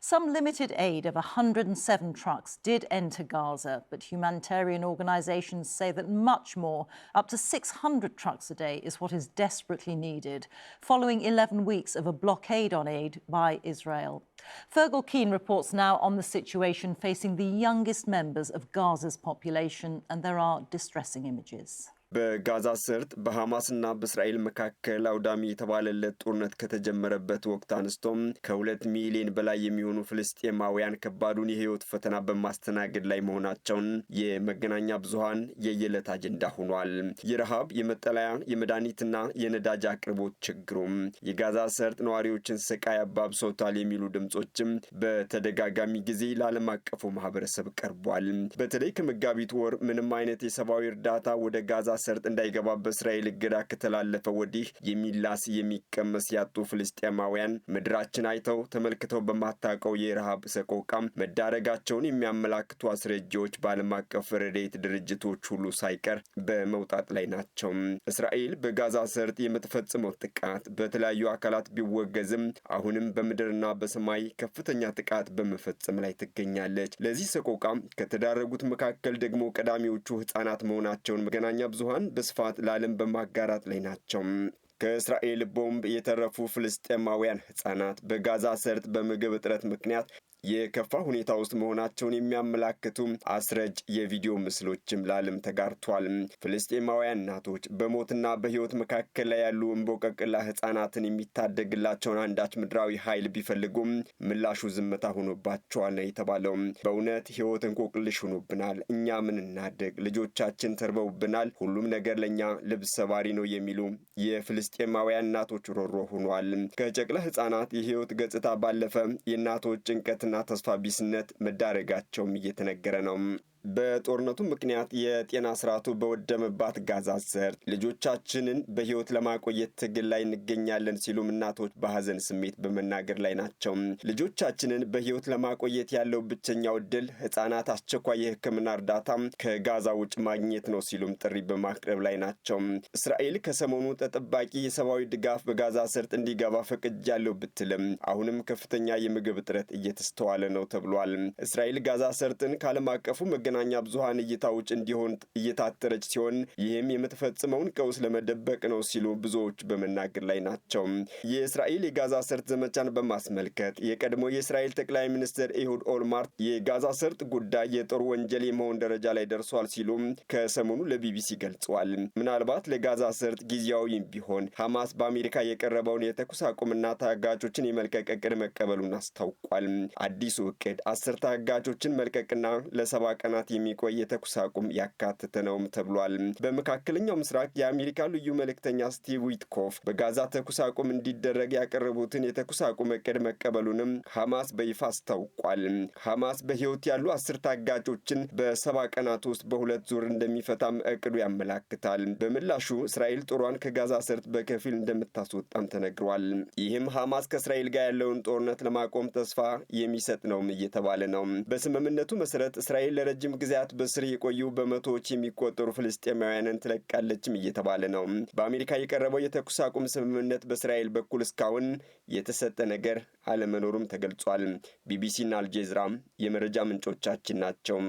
Some limited aid of 107 trucks did enter Gaza, but humanitarian organizations say that much more, up to 600 trucks a day, is what is desperately needed, following 11 weeks of a blockade on aid by Israel. Fergal Keane reports now on the situation facing the youngest members of Gaza's population, and there are distressing images. በጋዛ ሰርጥ በሐማስና በእስራኤል መካከል አውዳሚ የተባለለት ጦርነት ከተጀመረበት ወቅት አንስቶም ከሁለት ሚሊዮን በላይ የሚሆኑ ፍልስጤማውያን ከባዱን የህይወት ፈተና በማስተናገድ ላይ መሆናቸውን የመገናኛ ብዙሃን የየዕለት አጀንዳ ሆኗል። የረሃብ፣ የመጠለያ፣ የመድኃኒትና የነዳጅ አቅርቦት ችግሩም የጋዛ ሰርጥ ነዋሪዎችን ስቃይ አባብሰውታል የሚሉ ድምጾችም በተደጋጋሚ ጊዜ ለዓለም አቀፉ ማህበረሰብ ቀርቧል። በተለይ ከመጋቢት ወር ምንም አይነት የሰብአዊ እርዳታ ወደ ጋዛ ሰርጥ እንዳይገባ በእስራኤል እገዳ ከተላለፈ ወዲህ የሚላስ የሚቀመስ ያጡ ፍልስጤማውያን ምድራችን አይተው ተመልክተው በማታውቀው የረሃብ ሰቆቃም መዳረጋቸውን የሚያመላክቱ አስረጃዎች በዓለም አቀፍ ረድኤት ድርጅቶች ሁሉ ሳይቀር በመውጣት ላይ ናቸው። እስራኤል በጋዛ ሰርጥ የምትፈጽመው ጥቃት በተለያዩ አካላት ቢወገዝም አሁንም በምድርና በሰማይ ከፍተኛ ጥቃት በመፈጸም ላይ ትገኛለች። ለዚህ ሰቆቃም ከተዳረጉት መካከል ደግሞ ቀዳሚዎቹ ሕጻናት መሆናቸውን መገናኛ ብዙ ብዙሃን በስፋት ለዓለም በማጋራት ላይ ናቸው። ከእስራኤል ቦምብ የተረፉ ፍልስጤማውያን ሕፃናት በጋዛ ሰርጥ በምግብ እጥረት ምክንያት የከፋ ሁኔታ ውስጥ መሆናቸውን የሚያመላክቱ አስረጅ የቪዲዮ ምስሎችም ለዓለም ተጋርቷል። ፍልስጤማውያን እናቶች በሞትና በሕይወት መካከል ላይ ያሉ እምቦቀቅላ ሕፃናትን የሚታደግላቸውን አንዳች ምድራዊ ኃይል ቢፈልጉም ምላሹ ዝምታ ሆኖባቸዋል ነው የተባለው። በእውነት ሕይወት እንቆቅልሽ ሆኖብናል። እኛ ምን እናደግ? ልጆቻችን ተርበውብናል። ሁሉም ነገር ለእኛ ልብስ ሰባሪ ነው የሚሉ የፍልስጤማውያን እናቶች ሮሮ ሆኗል። ከጨቅላ ሕፃናት የሕይወት ገጽታ ባለፈ የእናቶች ጭንቀት ተስፋ ቢስነት መዳረጋቸውም እየተነገረ ነው። በጦርነቱ ምክንያት የጤና ስርዓቱ በወደመባት ጋዛ ሰርጥ ልጆቻችንን በህይወት ለማቆየት ትግል ላይ እንገኛለን ሲሉም እናቶች በሀዘን ስሜት በመናገር ላይ ናቸው። ልጆቻችንን በህይወት ለማቆየት ያለው ብቸኛው ዕድል ህጻናት አስቸኳይ የህክምና እርዳታ ከጋዛ ውጭ ማግኘት ነው ሲሉም ጥሪ በማቅረብ ላይ ናቸው። እስራኤል ከሰሞኑ ተጠባቂ የሰብአዊ ድጋፍ በጋዛ ሰርጥ እንዲገባ ያለው ብትልም አሁንም ከፍተኛ የምግብ እጥረት እየተስተዋለ ነው ተብሏል። እስራኤል ጋዛ ሰርጥን ከዓለም አቀፉ ከመገናኛ ብዙሃን እይታ ውጭ እንዲሆን እየታተረች ሲሆን ይህም የምትፈጽመውን ቀውስ ለመደበቅ ነው ሲሉ ብዙዎች በመናገር ላይ ናቸው። የእስራኤል የጋዛ ሰርጥ ዘመቻን በማስመልከት የቀድሞ የእስራኤል ጠቅላይ ሚኒስትር ኢሁድ ኦልማርት የጋዛ ሰርጥ ጉዳይ የጦር ወንጀል የመሆን ደረጃ ላይ ደርሷል ሲሉ ከሰሞኑ ለቢቢሲ ገልጸዋል። ምናልባት ለጋዛ ሰርጥ ጊዜያዊም ቢሆን ሐማስ በአሜሪካ የቀረበውን የተኩስ አቁምና ታጋቾችን የመልቀቅ እቅድ መቀበሉን አስታውቋል። አዲሱ እቅድ አስር ታጋቾችን መልቀቅና ለሰባ ቀናት ቀናት የሚቆይ የተኩስ አቁም ያካተተ ነውም ተብሏል። በመካከለኛው ምስራቅ የአሜሪካ ልዩ መልእክተኛ ስቲቭ ዊትኮፍ በጋዛ ተኩስ አቁም እንዲደረግ ያቀረቡትን የተኩስ አቁም እቅድ መቀበሉንም ሐማስ በይፋ አስታውቋል። ሐማስ በሕይወት ያሉ አስር ታጋቾችን በሰባ ቀናት ውስጥ በሁለት ዙር እንደሚፈታም እቅዱ ያመላክታል። በምላሹ እስራኤል ጦሯን ከጋዛ ሰርጥ በከፊል እንደምታስወጣም ተነግሯል። ይህም ሐማስ ከእስራኤል ጋር ያለውን ጦርነት ለማቆም ተስፋ የሚሰጥ ነውም እየተባለ ነው። በስምምነቱ መሰረት እስራኤል ለረጅም በረጅም ጊዜያት በስር የቆዩ በመቶዎች የሚቆጠሩ ፍልስጤማውያንን ትለቃለችም እየተባለ ነው። በአሜሪካ የቀረበው የተኩስ አቁም ስምምነት በእስራኤል በኩል እስካሁን የተሰጠ ነገር አለመኖሩም ተገልጿል። ቢቢሲና አልጄዝራ የመረጃ ምንጮቻችን ናቸው።